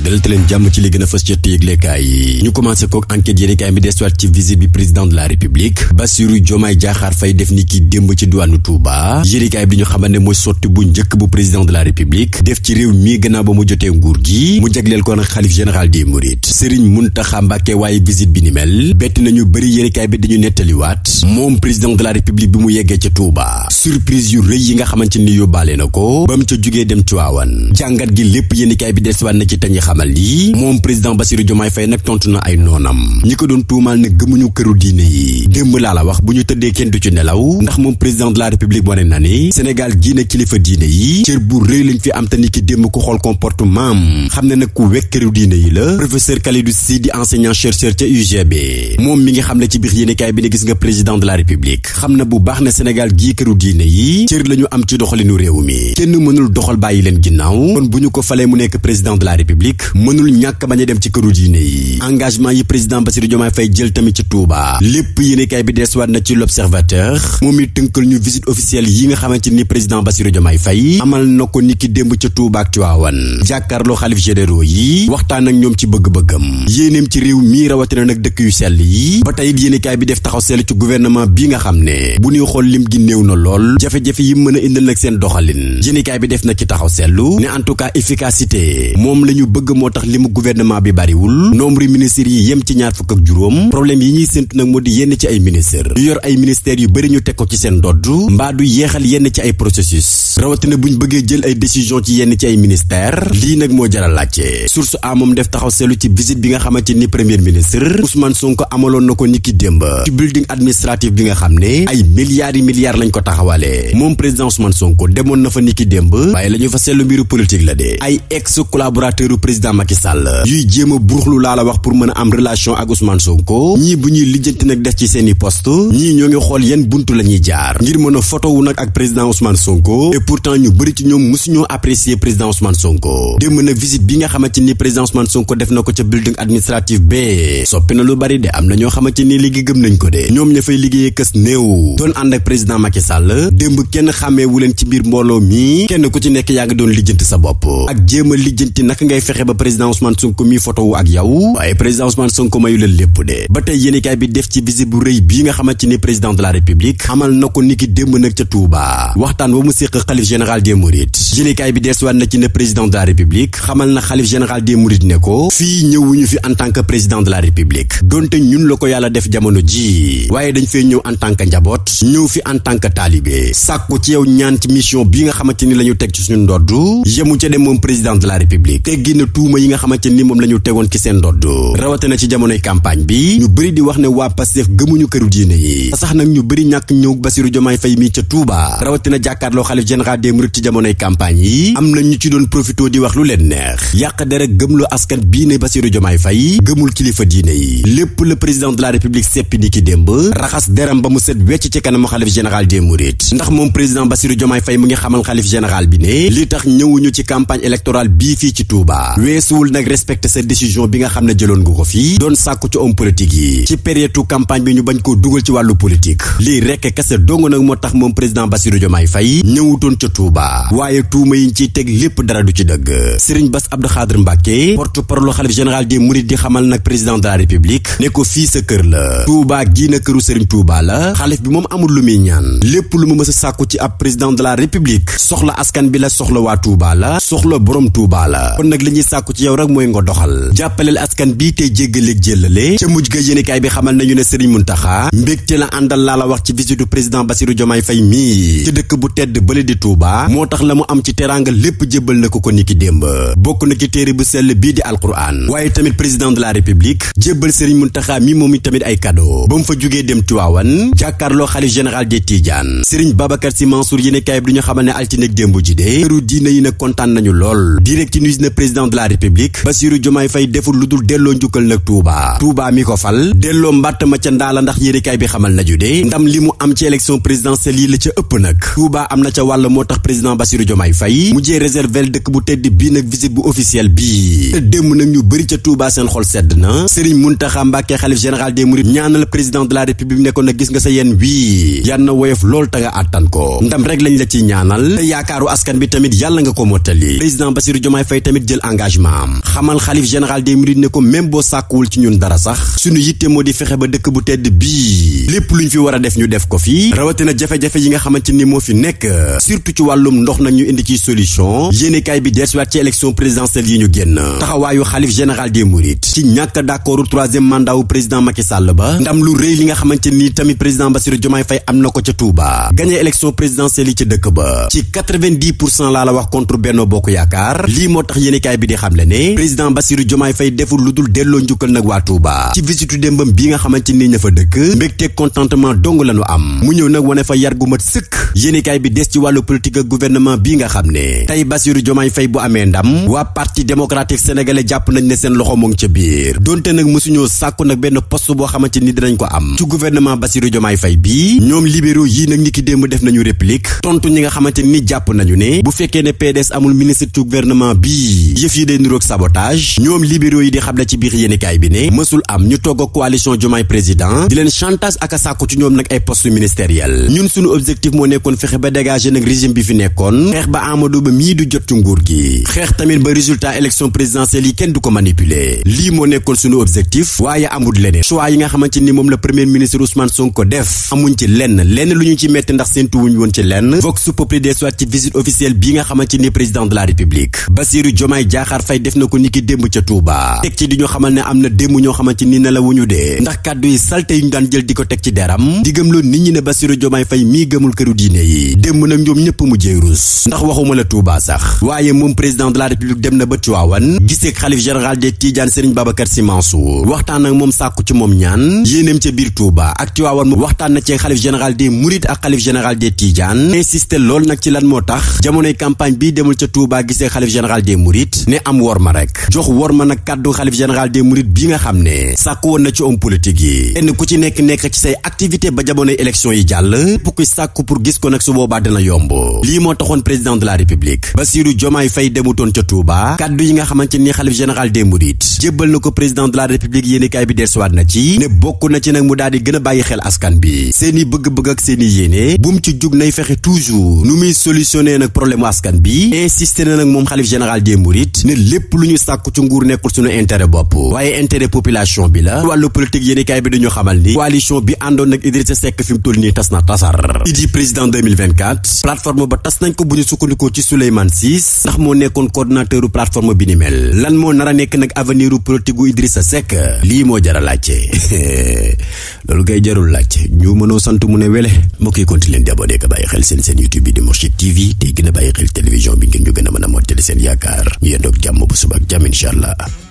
dalal leen jàmm ci li gën a fës ci yëglekaay yi ñu commencé kook enquête yéenekaay bi desuwaat ci visite bi président de la république Bassirou Diomaye Diakhar Faye def ni ki démb ci diwaanu Touba yéenekaay bi ñu xamal ne mooy sotti bu njëkk bu président de la république def ci réew mii gannaaw ba mu jotee nguur gi mu jagleel ko nag xalif général des mourides Serigne Mountakha Mbacké waaye visite bi ni mel bett nañu bëri yéenekaay bi dañu nettaliwaat moom président de la république bi mu yeggee ca Touba surprise yu rëy yi nga xamante ni yóbbaale na ko ba mu jugee dem Tivaouane jàngat gi lépp yéenekaay bi desuwaat na ci tañi xamal lii moom président Bassirou Diomaye Faye nag tontu na ay noonam ñi ko doon tuumaal ne gëmuñu këru diine yi démb laa la wax bu ñu tëddee kenn du ci nelaw ndax moom président de la république wane na ni Sénégal gii ne kilifa diine yi cër bu rëy lañ fi am te ni ki démb ko xool comportement am xam ne nag ku wekk këru diine yi la professeur Kalidou Sy di enseignant chercheur ca UGB moom mi ngi xam ne ci biir yéenekaay bi ne gis nga président de la république xam na bu baax ne Sénégal gii këru diine yi cër lañu am ci doxalinu réew mi mënul doxal bàyyi leen ginnaaw kon bu ñu ko falee mu nekk président la république dëkk mënul ñàkk bañ a dem ci këru diine yi engagement yi président Bassirou Diomaye Faye jël tamit ci Touba lépp yéenekaay bi deesuwaat na ci l'observateur moom it tënkal ñu visite officielle yi nga xamante ni président Bassirou Diomaye Faye amal na ko niki démb ca Touba ak Tivaouane jàkkaarloo xalif généraux yi waxtaan ak ñoom ci bëgg-bëggam yéeneem ci réew mii rawatina nag dëkk yu sell yi ba tey it yéenekaay bi def taxaw sell ci gouvernement bi nga xam ne bu ñuy xool lim gi néew na lool jafe-jafe yi mën a indil nag seen doxalin yéenekaay bi def na ci taxaw sellu ne en tout cas efficacité moom lañu bëgg moo tax li mu gouvernement bi bariwul nombre ministres yi yem ci ñaar fukk ak juróom problème yi ñuy séntu nag moo di yenn ci ay ministres ñu yor ay ministères yu bëri ñu teg ko ci seen dodd mbaa du yeexal yenn ci ay processus rawatina ñu bëggee jël ay décision ci yenn ci ay ministère lii nag moo jaral laajte source a moom def taxaw seetlu ci visite bi nga xamante ni premier ministre Ousmane Sonko amaloon na ko niki démb ci building administratif bi nga xam ne ay milliards yi milliards lañ ko taxawalee moom président Ousmane Sonko demoon na fa niki démb waaye la ñu fa seetlu mbiru politique la de ay ex collaborateur président Macky Sall yuy jéem a buruxlu laa la wax pour mën a am relation ak Ousmane Sonko ñii bu ñuy lijjanti nag def ci seeni poste ñii ñoo ngi xool yan buntu la ñuy jaar ngir mën a photo wu nag ak président Ousmane Sonko pourtant ñu bëri ci ñoom musuñoo apprécier président Ousmane Sonko démb nag visite bi nga xamante ni président Ousmane Sonko def na ko ca building administratif bi soppi na lu bari de am na ñoo xamante ni léegi gëm nañ ko de ñoom ña fay kës néew doon ànd ak président Macky démb kenn xàmmeewu leen ci biir mbooloo mi kenn ku ci nekk yaa ngi doon lijjanti sa bopp ak jéem a lijjanti naka ngay fexe ba président Ousmane Sonko mi photo wu ak yow waaye président Ousmane Sonko mayu leen lépp de ba tey yéenekaay bi def ci visite bu rëy bii nga na ko niki démb nag ca Touba waxtaan wa mu séq xalif général des mourides yéenekaay bi deesuwaat sàkku ci yow ñaan ci mission bi nga xamante ni la teg ci suñu ndodd yemu ca de moom président de la république teggi na tuuma yi nga xamante ni moom la tegoon ci seen ndodd rawate na ci jamonoy campagne bi ñu bëri di wax ne waa Pastef gëmuñu këru diine yi sax nag ñu bëri ñàkk ñëw Basiru Jomaay Fay mi ca rawate na jàkkaarloo xalif général contrat déem rek ci jamonoy campagne yi am na ñu ci doon profito di wax lu leen neex yàq dara gëmloo askan bii ne Bassirou Diomaye Faye gëmul kilifa diine yi lépp le président de la république seppi ni ki démb raxas deram ba mu set wecc ci kanamu xalif général des mourides ndax moom président Bassirou Diomaye Faye mu ngi xamal xalif général bi ne li tax ñëwuñu ci campagne électorale bii fii ci Touba weesuwul nag respecté sa décision bi nga xam ne jëloon nga ko fii doon sàkku ci yi ci période campagne bi ñu bañ koo dugal ci wàllu politique lii rekk kese dong nag moo tax moom président Bassirou daloon ca Touba waaye tuuma yiñ ciy teg lépp dara du ci dëgg Serigne Bass Abdou Khadre Mbacké porte-parole xalif général des Mourides di xamal nag président de la République ne ko fii sa kër la Touba gii këru Serigne Touba la xalif bi moom amul lu muy ñaan lépp lu mu mës a sàkku ci ab président de la République soxla askan bi la soxla waa Touba la soxla borom Touba la kon nag li ñuy sàkku ci yow rek mooy nga doxal jàppaleel askan bi tey jéggaleeg mujj ga yéenekaay bi xamal nañu ne Serigne Mountakha mbégte la Touba moo tax la mu am ci teraanga lépp jébbal na ko ko niki démb bokk na ci téere bu sell bii di alquran waaye tamit président de la république jébbal Serigne Mountakha mi moom tamit ay cadeau ba mu fa jógee dem Tiwaawan jàkkaarloo xalif général des Tidiane Serigne Babacar Sy Mansour yéene bi du xamal ne altine démb ji de diine yi nag kontaan nañu lool direct news na président de la république Bassirou Diomaye Faye deful lu dul delloo njukkal ma ca ndaa la moo tax président Bassirou Diomaye Faye mujjee réservel dëkk bu tedd bii nag visite bu officielle bii démb nag ñu bëri ca Touba seen xol sedd na Serigne Mountakha Mbacké xalif général des Mourides ñaanal président de la république ne ko nag gis nga sa yéen wii yan na ko ndam rek lañ la ciy ñaanal te yaakaaru askan bi tamit yàlla nga ko mottali président Bassirou Diomaye Faye tamit jël engagement am xamal xalif général des Mourides ne ko même boo sàkkuwul ci ñun dara sax suñu yitte moo di fexe ba dëkk bu tedd bii lépp luñ fi war a jafe-jafe yi nga xamante ni moo fi nekk surtout ci wàllum ndox nag ñu indi ci solution yéenekaay bi deesuwaat ci élection présidentielle yi ñu génn taxawaayu xalif général des mourides ci ñàkk d'accordu troisième mandat wu président Macky ba ndam lu rëy li nga xamante ni tamit président Bassirou Diomaye Faye am na ko ca Touba gagné élection présidentielle yi ci dëkk ba ci 90 pour cent laa la wax contre Benno Bokk Yaakaar lii moo tax yéenekaay bi di xamle ne président Bassirou Diomaye Faye deful lu dul delloo njukkal nag waa Touba ci visitu démbam bi nga xamante ni ña fa dëkk mbégte contentement dong lañu am mu ñëw nag wane fa yar gu mat sëkk yéenekaay bi politique ak gouvernement bii nga xam ne tey Bassirou Diomaye Faye bu amee ndam waa parti démocratique sénégalais jàpp nañ ne seen loxo mu ca biir donte nag mësuñoo sàkku nag benn poste boo xamante ni dinañ ko am ci gouvernement Bassirou Diomaye Faye bii ñoom libéraux yii nag ni ki démb def nañu réplique tontu ñi nga xamante ni jàpp nañu ne bu fekkee ne PDS amul ministre ci gouvernement bii yëf yi day niroog sabotage ñoom libéraux yi di xamle ci biir yéenekaay bi ne mësul am ñu togg ak a régime bi fi nekkoon xeex ba Amadou Ba mii du jot ci nguur gi xeex tamit ba résultat élection présidentielle yi kenn du ko manipuler lii moo nekkoon suñu objectif waaye amul leneen choix yi nga xamante ni moom la premier ministre Ousmane Sonko def amuñ ci lenn lenn lu ñu ci metti ndax seen tuwuñ woon ci lenn vox populi des soit ci visite officielle bi nga xamante ni président de la république Bassirou Diomaye Diakhar Faye def na ko niki démb ca Touba teg ci di ñu xamal ne am na démb ñoo xamante ni ne la wuñu dee ndax kàddu yi salte yu ñu daan jël di ko teg ci deram di gëmloo nit ñi ne Bassirou Diomaye Faye mii gëmul këru diine yi démb nag ñoom ñëpp mujjee rus ndax waxuma la Touba sax waaye moom président de la république dem na ba Tiwaawan gisee xalif général des Tidiane Serigne Babacar Sy Mansour waxtaan ak moom sàkku ci moom ñaan yéeneem ca biir Touba ak Tiwaawan moom waxtaan na ci xalif général des Mourides ak xalif général des Tidiane insisté lool nag ci lan moo tax jamonoy campagne bi demul ca Touba gisee xalif général des Mourides ne am wor ma rek jox wor ma nag kàddu xalif général des Mourides bi nga xam ne sàkku woon na ci homme yi ku ci nekk nekk ci say activité ba jamonoy élection yi jàll pour ku sàkku pour gis ko nag su boobaa dina yomb Sonko lii moo taxoon président de la république Bassirou Diomaye Faye demutoon ca Touba kàddu yi nga xamante ni xalif général des mourides jébbal na ko président de la république yéenekaay bi dellusiwaat na ci ne bokk na ci nag mu daal di gën a bàyyi xel askan bi seeni bëgg-bëgg ak seeni yéene bu mu ci jug nay fexe toujours nu muy solutionné nag problème askan bi insisté na nag moom xalif général des mourides ne lépp lu ñu sàkku ci nguur nekkul suñu intérêt bopp waaye intérêt population bi la wàllu politique yéenekaay bi dañu xamal ni coalition bi àndoon nag Idrissa Seck fi mu toll nii tas na tasar idi président 2024 plateforme ba tas nañ ko bu ñu sukkandikoo ci Souleymane Ciss ndax moo nekkoon coordonnateur plateforme bi ni mel lan moo nar a nekk nag avenir u politique gu Idrissa Seck lii moo jar a laajte loolu ngay jarul laajte ñu mënoo sant mu ne wele moo koy continuer leen di abonné ka bàyyi xel seen seen YouTube bi di Mourchid TV te gën a bàyyi xel télévision bi ngeen ñu gën a mën a mottali seen yaakaar ñu yendoog jàmm bu suba ak jàmm incha allah